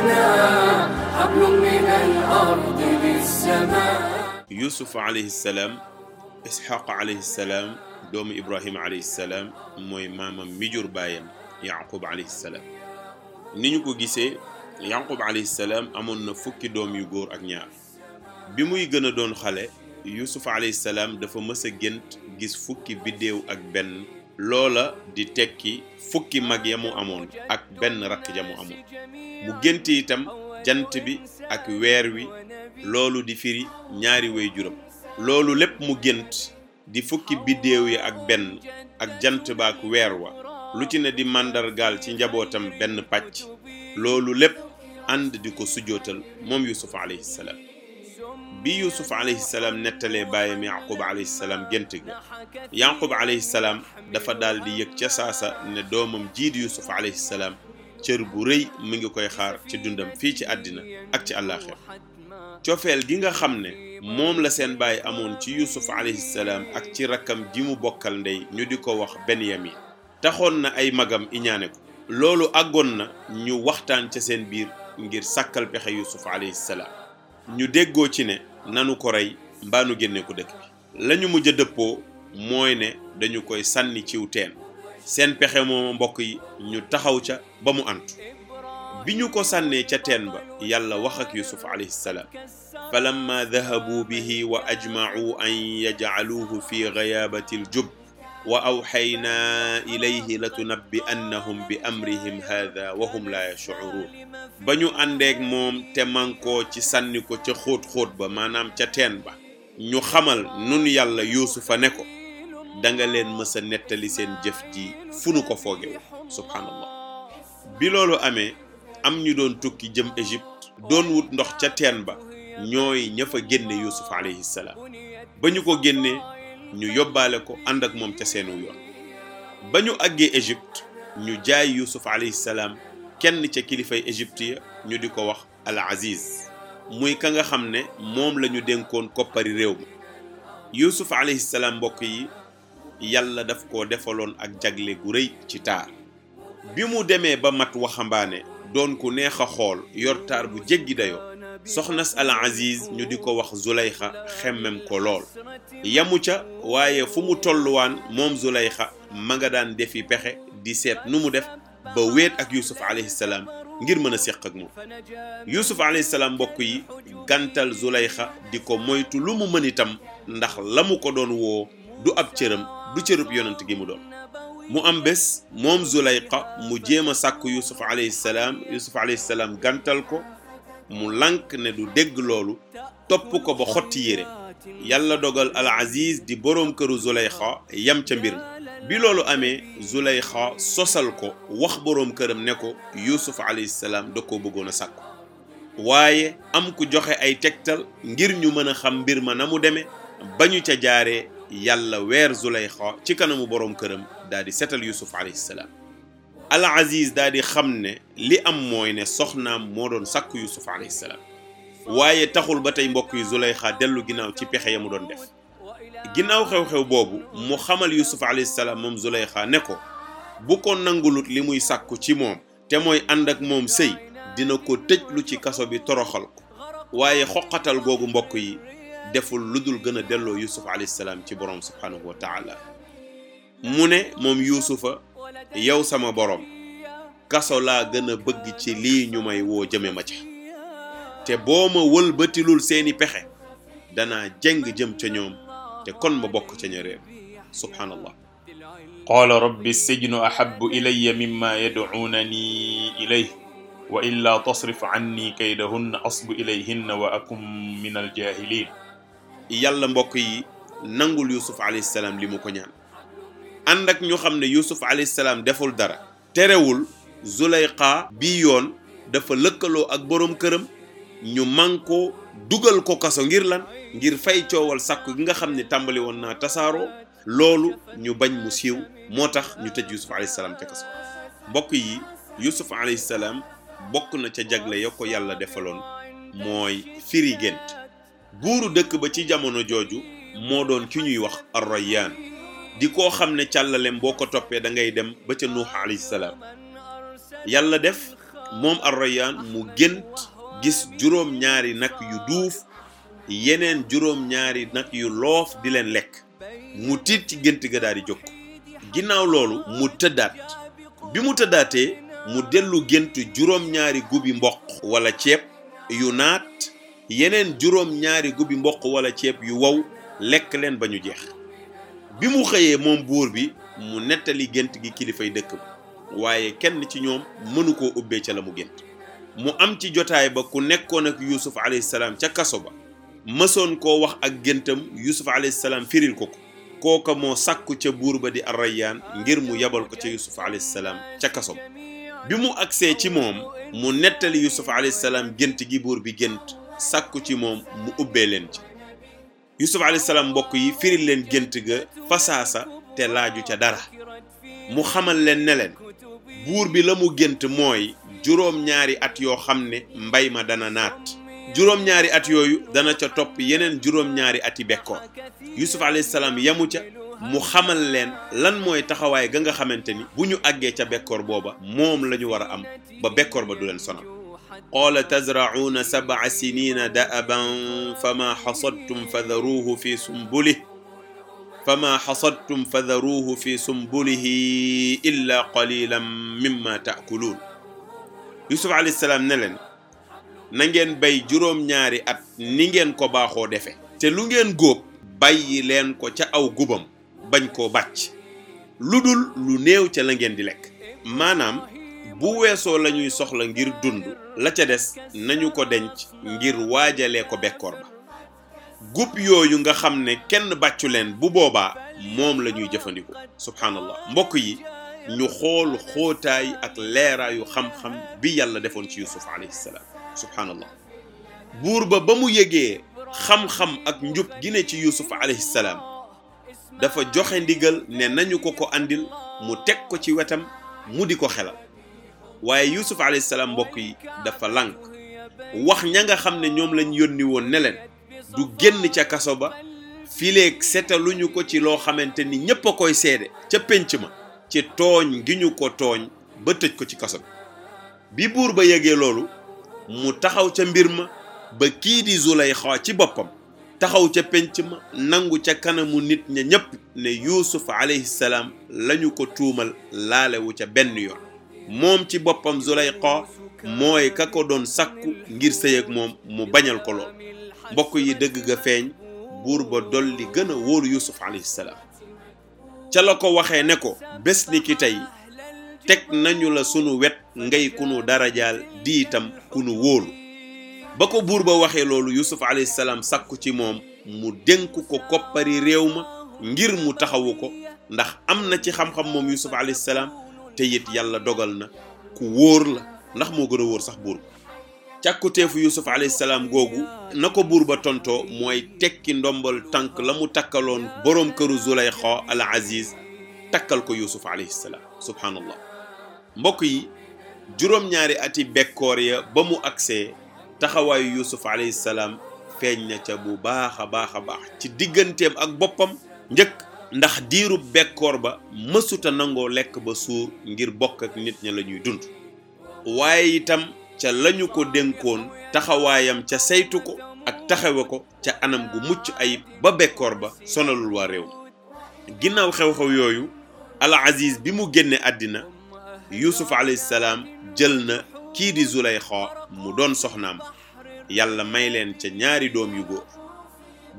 لنا حبل من الأرض doomu Ibrahima alayhi mooy maamam mi jur baayam ko gisee Yaqub alayhi salaam amoon na fukki doom yu góor ak ñaar bi muy gëna doon xale Yusuf alayhi dafa mës a gént gis fukki biddéew ak benn loola di tekki fukki mag ya mu amoon ak benn rakk ja mu amoon mu gént itam jant bi ak weer wi loolu di firi ñaari way juróom loolu lépp mu gént di fukki biddéew yi ak benn ak jant ba ak weer wa lu ci ne di màndargaal ci njabootam benn pàcc loolu lépp ànd di ko sujootal moom yusuf alayhi bi yusuf alayhi salaam nettalee baayam yaqub alayhi salaam génte gi yaqub alayhi salaam dafa daal di yëg ca saasa ne doomam jiidi yusuf alayhi salaam cër bu rëy mu ngi koy xaar ca dundam fii ci àddina ak ci àllaaxira cofeel gi nga xam ne moom la seen baay amoon ci yusuf alayhi ak ci rakkam ji mu bokkal ndey ñu di ko wax benyamin taxoon na ay magam iñaane ko loolu àggoon na ñu waxtaan ca seen biir ngir sàkkal pexe yusuf alayhi salaam ñu déggoo ci ne nanu ko rey mbaa nu génne ko dëkk bi la ñu mujj a dëppoo mooy ne dañu koy sànni ciw teen seen pexe mooma mbokk yi ñu taxaw ca ba mu ant bi ñu ko sànnee ca teen ba yàlla wax ak yusuf alayhi salaam falamma dahabu bihi wa ajma'u an yaj'aluhu fi ghayabatil jub wa awxaynaa ilayhi la tunabbi annahum bi amrihim haada wa hum laa yashcuruun ba ñu àndeek moom te mankoo ci sànni ko ca xóot-xóot ba maanaam ca teen ba ñu xamal nun yàlla yuusufa ne ko danga leen mësa nettali seen jëf ji fu nu ko foogewu subhaanallah bi loolu amee am ñu doon tukki jëm Égypte doon wut ndox ca teen ba ñooy ña fa génne yuusuf alayhi ba ñu ko génnee ñu yóbbaale ko ànd ak moom ca seenu yoon ba ñu àggee Égypte ñu jaay Yuusuf alayhi kenn ca kilifay Égypte ya ñu di ko wax al Aziz muy ka nga xam ne moom lañu dénkoon koppari réew mi Yuusuf alayhi mbokk yi yàlla daf ko defaloon ak jagle gu rëy ci taar bi mu demee ba mat waxambaane doon ku neex a xool yor taar bu jéggi dayoo soxnas al Aziz ñu di ko wax Zulayxa xemem ko lool yamu ca waaye fu mu tolluwaan moom Zulayxa ma nga daan defi pexe di seet nu mu def ba weet ak Yusuf alayhi salaam ngir mën a séq ak moom Yusuf alayhi mbokk yi gantal Zulayxa di ko moytu lu mu mën itam ndax la mu ko doon woo du ab cëram du cërub yonent gi mu doon mu am bés moom Zulayxa mu jéem a sàkk Yusuf alayhi salaam Yusuf salaam gantal ko mu lànk ne du dégg loolu topp ko ba xotti yére yàlla dogal al Aziz di boroom këru Zulayxa yam ca mbir mi bi loolu amee Zulayxa sosal ko wax boroom këram ne ko Yuusuf alayhi salaam da ko bëggoon a sàkku waaye am ku joxe ay tegtal ngir ñu mën a xam mbir ma na mu demee ba ñu ca jaaree yàlla weer Zulayxa ci kanamu boroom këram daal di setal Yuusuf alayhi salaam al Aziz daal di xam ne li am mooy ne soxnaam moo doon sàkku Yusuf alayhi waaye taxul ba tey mbokk yi Zulayxa dellu ginnaaw ci pexe ya mu doon def ginnaaw xew-xew boobu mu xamal Yusuf alayhi salaam moom Zulayxa ne ko bu ko nangulut li muy sàkku ci moom te mooy ànd ak moom sëy dina ko tëj lu ci kaso bi toroxal ko waaye xoqatal googu mbokk yi deful lu dul gën a delloo Yusuf alayhi ci borom subhaanahu wa taala mu ne moom Yusufa yow sama borom kaso laa gën a bëgg ci lii ñu may woo jëme ma ca te boo ma wëlbatilul seeni pexe danaa jeng jëm ca ñoom te kon ma bokk ca ña réer subhaanallah qaala rabbi sijnu ahabu ilaya mimma yadcuunani ilayh wa illaa tasrif anni kaydahunna asbu ilayhinna wa akum min aljaahilin yàlla mbokk yi nangul yusuf alayhi salaam li mu ko ñaan ànd ak ñu xam ne Yusuf alayhi salaam deful dara terewul Zulayqa bi yoon dafa lëkkaloo ak boroom këram ñu man dugal ko kaso ngir lan ngir fay coowal sàkku gi nga xam ne tàmbali woon naa tasaaroo loolu ñu bañ mu siiw moo tax ñu tëj Yusuf alayhi ca kaso mbokk yi Yusuf alayhi bokk na ca jagle ya ko yàlla defaloon mooy firi gént buuru dëkk ba ci jamono jooju moo doon ki ñuy wax ar di koo xam ne càll càllalem boo ko toppee da ngay dem ba ca nuux alayhi yàlla def moom arrayaan mu gént gis juróom-ñaari nag yu duuf yeneen juróom-ñaari nag yu loof di leen lekk mu tiit ci gént ga daal di jóg ginnaaw loolu mu tëddaat bi mu tëddaatee mu dellu gént juróom-ñaari gubi mboq wala ceeb yu naat yeneen juróom-ñaari gubi mboq wala ceeb yu wow lekk leen ba ñu jeex bi mu xëyee moom buur bi mu nettali gént gi kilifay dëkk ba waaye kenn ci ñoom mënu koo ubbee ca la mu gént mu am ci jotaay ba ku nekkoon ak Yuusuf alayhi salaam ca kaso ba mësoon koo wax ak géntam Yuusuf alayhi salaam firil ko ko kooka moo sàkku ca buur ba di Arrayaan ngir mu yebal ko ca Yuusuf alayhi ca kaso ba bi mu agsee ci moom mu nettali Yuusuf alayhi salaam gént gi buur bi gént sàkku ci moom mu ubbee leen ci yusuf alayhi salaam mbokk yi firil leen gént ga fasaasa te laaju ca dara mu xamal leen ne leen buur bi la mu gént mooy juróom-ñaari at yoo xam ne mbay ma dana naat juróom-ñaari at yooyu dana ca topp yeneen juróom-ñaari ati bekkoor yusuf alayhi salaam yamu ca mu xamal leen lan mooy taxawaay ga nga xamante ni bu ñu àggee ca bekkoor booba moom la ñu war a am ba bekkoor ba du leen sonal qaala tazracuuna sabca sinina da'aban famaa xasadtum fadaruuhu fi sumbulih famaa xasadtum fadaruuhu fi sumbulihi illaa qalilan mimma taakuluun yusuf alayhi salaam ne leen na ngeen bay juróom-ñaari at ni ngeen ko baaxoo defe te lu ngeen góob bàyyi leen ko ca aw gubam bañ koo bàcc lu dul lu néew ca la ngeen di lekk maanaam bu weesoo lañuy soxla ngir dund la ca des nañu ko denc ngir waajale ko bekkoor ba gub yooyu nga xam ne kenn bàccu leen bu boobaa moom la ñuy jëfandikoo subhaanallah mbokk yi ñu xool xóotaay ak leeraayu xam-xam bi yàlla defoon ci yusuf alayhi salaam subhaanallah buur ba ba mu yëgee xam-xam ak njub gi ne ci yusuf alayhi dafa joxe ndigal ne nañu ko ko andil mu teg ko ci wetam mu di ko xelal waaye yusuf alayhi salaam mbokk yi dafa lànk wax ña nga xam ne ñoom lañ yónni woon ne leen du génn ca kaso ba fileeg setaluñu ko ci loo xamante ni ñépp a koy seede ca pénc ma ci tooñ gi ñu ko tooñ ba tëj ko ci kaso bi bi buur ba yëgee loolu mu taxaw ca mbir ma ba kii di Zulayxa ci boppam taxaw ca pénc ma nangu ca kanamu nit ña ñépp ne yuusuf alayhi salaam lañu ko tuumal laalewu ca benn yoon moom ci boppam Zulayqa mooy ka ko doon sakku ngir sëy ak moom mu bañal ko lool mbokk yi dëgg ga feeñ buur ba dolli gën a wóolu Yuusuf alayhi salaam ca la ko waxee ne ko bés ni ki tey teg nañu la sunu wet ngay kunu dara jaal di itam ku wóolu ba ko buur ba waxee loolu Yuusuf alayhi salaam sakku ci moom mu dénk ko koppari réew ma ngir mu taxawu ko ndax am na ci xam-xam moom Yuusuf alayhi te yàlla dogal na ku wóor la ndax moo gën wóor sax buur càkkuteefu yusuf alayhi salaam googu na ko buur ba tontoo mooy tekki ndombal tànk la mu takkaloon boroom këru Zulayxa al Aziz takkal ko yusuf alayhi salaam subhaanallah mbokk yi juróom-ñaari ati bekkoor ya ba mu agsee taxawaayu yusuf alayhi salaam feeñ na ca bu baax a baax a baax ci digganteem ak boppam njëkk ndax diiru bekkoor ba mësuta nangoo lekk ba suur ngir bokk ak nit ña la ñuy dund waaye itam ca lañu ko dénkoon taxawaayam ca seytu ko ak taxawe ko ca anam gu mucc ayib ba bekkoor ba sonalul waa réew ginnaaw xew-xew yooyu al Aziz bi mu génne àddina Yuusuf alayhi salaam jël na kii di Zulayxa mu doon soxnaam yàlla may leen ca ñaari doom yu góor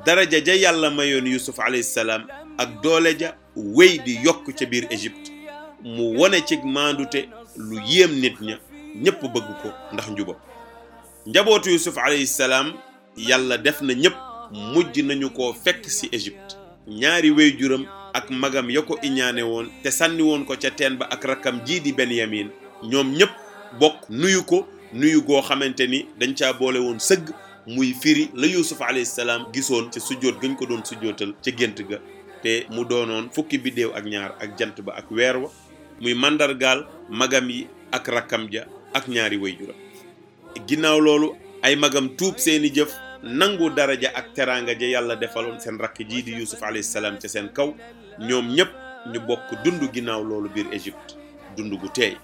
daraja ja yàlla mayoon Yuusuf alayhi salaam ak doole ja wéy di yokk ca biir Égypte mu wone ci maandute lu yéem nit ña ñépp bëgg ko ndax njuba njabootu Yusuf alayhi salaam yàlla def na ñépp mujj nañu ko fekk ci Égypte ñaari wéyjuram ak magam ya ko iñaane woon te sànni woon ko ca teen ba ak rakkam jii di Benyamin ñoom ñépp bokk nuyu ko nuyu goo xamante ni dañ caa boole woon sëgg muy firi la Yusuf alayhi salaam gisoon ca sujjóot gañ ko doon sujjóotal ca gént ga te mu doonoon fukki biddéew ak ñaar ak jant ba ak weer wa muy màndargaal magam yi ak rakkam ja ak ñaari waajuram ginnaaw loolu ay magam tuub seeni jëf nangu dara ja ak teraanga ja yàlla defaloon seen rakk jii di yusuf alayhi salaam ca seen kaw ñoom ñépp ñu bokk dund ginnaaw loolu biir Égypte dund gu teey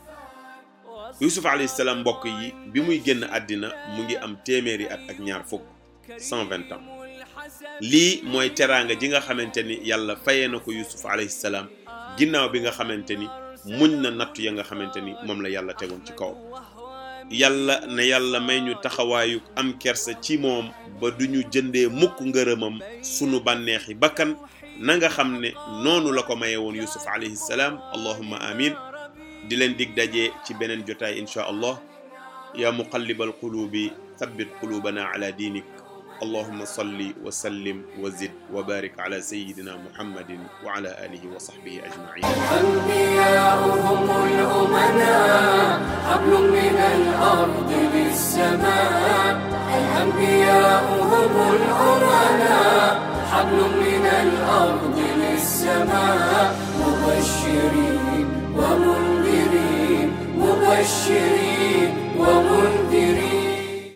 yusuf alayhi salaam mbokk yi bi muy génn àddina mu ngi am téeméeri at ak ñaar fukk cent lii mooy teraanga ji nga xamante ni yàlla fayee na ko yusuf alayhi salaam ginnaaw bi nga xamante ni muñ na nattu ya nga xamante ni moom la yàlla tegoon ci kaw yàlla na yàlla may ñu taxawaayu am kersa ci moom ba du ñu jëndee mukk ngërëmam sunu bànneexi bakkan na nga xam ne noonu la ko maye woon yusuf alayhi salaam allahumma amin di leen dig daje ci beneen jotaay inchaa allah yaa muqallibal qulubi thabbit qulubana ala diinik allahuma salli wa sallim wa zid wa barik ala sayidina muhammadin wa ala alihi wa sahbihi ajmain anbiyauhum lumana hablum min alardi lissama anbiyauhum lumana hablum min alardi lissama mubashirin wa mundirin mubashirin wa mundirin